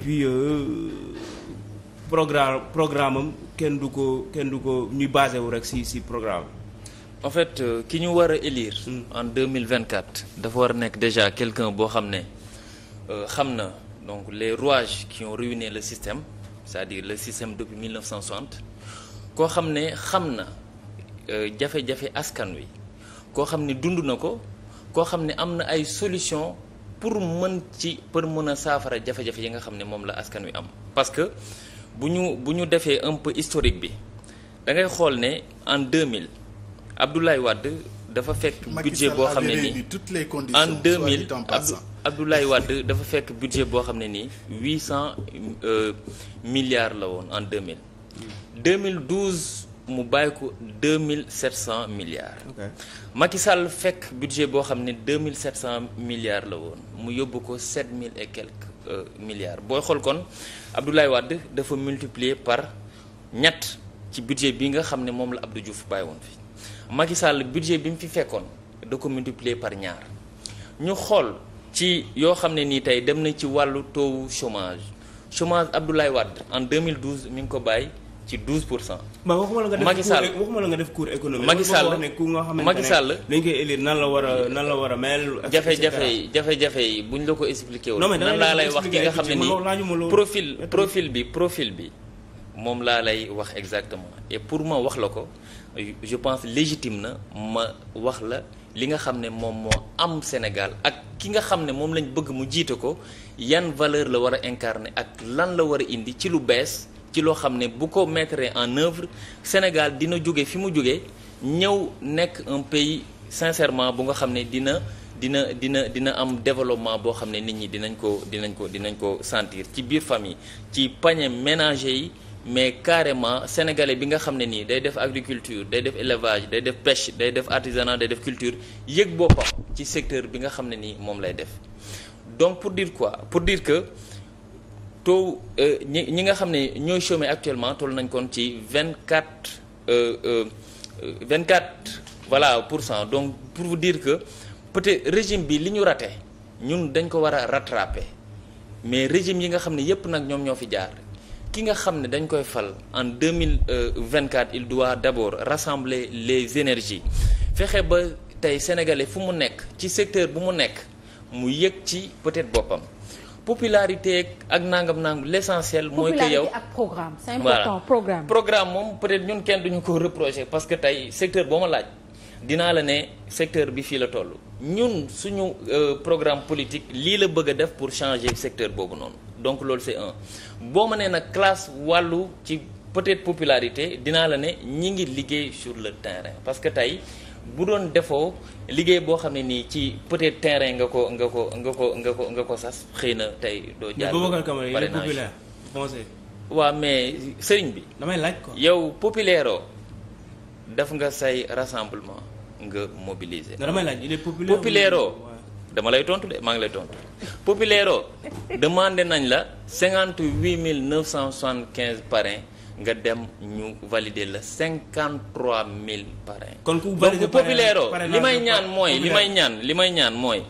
et euh, programme programme am kenn du ko kenn du ko ñuy basé wu rek ci ci programme en fait euh, ki ñu war a élire. Mm. en deux mille vingt quatre. dafa war a nekk déjà quelqu'un boo xam ne euh, xam na donc les rouages qui ont ruiné le système c'est-à-dire le système depuis mille neuf cent soixante koo xam ne xam na jafe-jafe askan wi koo xam ne dund na ko koo xam ne am na ay solutions. pour mën ci pour mën a saafara jafe-jafe yi nga xam ne moom la askan wi am parce que bu ñu bu ñu defee un peu historique bi da ngay xool ne en 2000 Abdoulaye Wade dafa fekk budget boo xam ne nii en 2000 Abdoulaye Wade dafa fekk budget boo xam ne nii 800 milliards la woon en 2000 2012 mu bàyyi ko deux mille sept cent milliards. Macky Sall fekk budget boo xam ne deux mille sept cent milliards la woon mu yóbbu ko sept mille et quelques euh, booy xool kon Abdoulaye wàdd dafa multiplier par ñett ci budget bi nga xam ne moom la Abdou Diouf bàyyi woon fi Macky Sall budget bi mu fi fekkoon da ko multiplier par ñaar ñu xool ci yoo xam ne nii tey dem na ci wàllu taux chômage chômage Abdoulaye Wade en 2012 mi ngi ko bàyyi. ci 12 pour cent. Macky Sall waxuma la nga def cours économique. Macky Sall wax ne ku nga xamante ne dañ koy élire nan la war a nan la war a mel. jafe-jafe yi buñ la ko expliqué woon. nan laa lay wax ki nga xam ne nii profil profil bi profil bi moom laa lay wax exactement et pour ma wax la ko je pense légitime na ma wax la li nga xam ne moom moo am Sénégal ak ki nga xam ne moom lañ bëgg mu jiite ko yan valeur la war a incarner ak lan la war a indi ci lu bees. ci loo xam ne bu ko mettre en œuvre Sénégal dina jóge fi mu jóge ñëw nekk un pays sincèrement bu nga xam ne dina dina dina dina am développement boo xam ne nit ñi dinañ ko dinañ ko dinañ ko sentir ci biir famille ci panier ménager yi mais carrément sénégalais bi nga xam ne nii day def agriculture day def élevage day def pêche day def artisanat day def culture yëg boppam ci secteur bi nga xam ne nii moom lay def donc pour dire quoi pour dire que taux euh, ñi ñi nga xam ne ñooy chômer actuellement toll nañ kon ci vingt quatre euh, euh, vingt quatre voilà pour cent donc pour vous dire que peut-être régime bi li ñu rate ñun dañ ko war a rattraper mais régime yi nga xam ne yépp nag ñoom ñoo fi jaar ki nga xam ne dañ koy fal en deux mille vingt quatre il doit d'abord rassembler les énergies fexe ba tey sénégalais fu mu nekk ci secteur bi mu nekk mu yëg ci peut-être boppam. popularité ak nangam nangam l'essentiel. mooy que yow popularité ak programme. c'est important programme. programme moom peut-être ñun kenn duñu ko reprocher parce que tey secteur boo ma laaj dinaa la ne secteur bi fii la toll. ñun suñu euh, programme politique lii la bëgg a def pour changer secteur boobu noonu donc loolu c'est un boo ma nee nag classe wàllu ci peut-être popularité dinaa la ne ñi ngi liggéey sur le terrain parce que tey. bu doon defoo liggéey boo xam ne nii ci peut-être terrain nga ko nga ko nga ko nga ko nga ko sas xëy na tey doo jaar waa mais sëriñ bi damay laaj ko yow populaire def nga say rassemblement nga mobiliser damay laaj il dama lay tontu de maa ngi lay tontu populaire oo demandé nañ la cinquante huit mille neuf cent soixante quinze parrain nga dem ñu valider la cinquante trois mille parrain. kon ku valider populaire li may ñaan mooy li may ñaan li may ñaan mooy.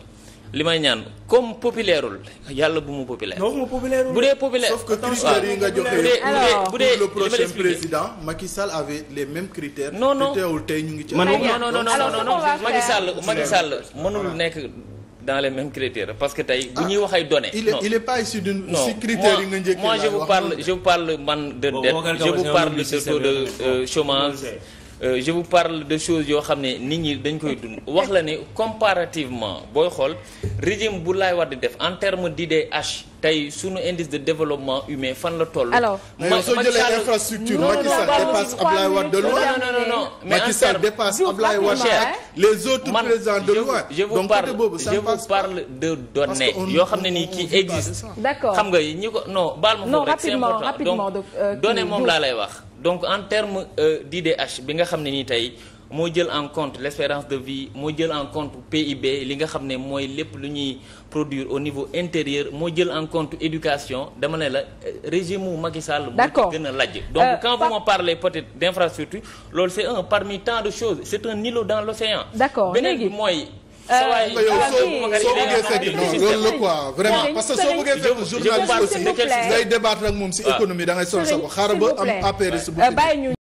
li may ñaan comme populaireul yàlla bu mu populaire. bu dee populaire sauf que critères bu nga joxe pour le prochain président Macky Sall avait les ñu ngi ci. non non non non non Macky Sall mënul nekk. dans les mêmes critères parce que tey bu ah, ñuy wax ay données. il est non. il est pas issu d'une si critères yi nga njëkk moi je vous parle je parle man de dette je vous parle de taux de chômage de choses yoo xam ne nit ñi dañ koy dund wax la ne comparativement booy xool régime bu Laay war di def en terme d'IDH tey sunu indice de développement humain fan la toll. alors ma soo jëlee infrastructure Macky Sall dépasse Ablaye Wade de loin. non non non mais Macky Sall dépasse Ablaye je vous parle je vous parle de données yoo xam ne nii qui existe. xam nga ñi ko non baal ma foofu rek c'est important donc euh, données moom laa lay wax. donc en terme euh, d'IDH bi nga xam ne nii tey moo jël en compte l'espérance de vie moo jël en compte PIB li nga xam ne mooy lépp lu ñuy produire au niveau intérieur moo jël en compte éducation dama ne la euh, régime mu Macky Sall. d'accord gën a lajj. donc euh, quand par... vous me parlez peut-être d'infrastructure loolu c'est un parmi tant de choses c'est un îlot dans l'océan. d'accord beneen bi mooy. sawaay euh, nga yow soo bëggee fekk non loolu la quoi vraiment parce que soo bëggee fekk journaliste aussi ngay débattre ak moom si ah. économie da ngay sol sa bopp xaaral ba am appareil bu euh,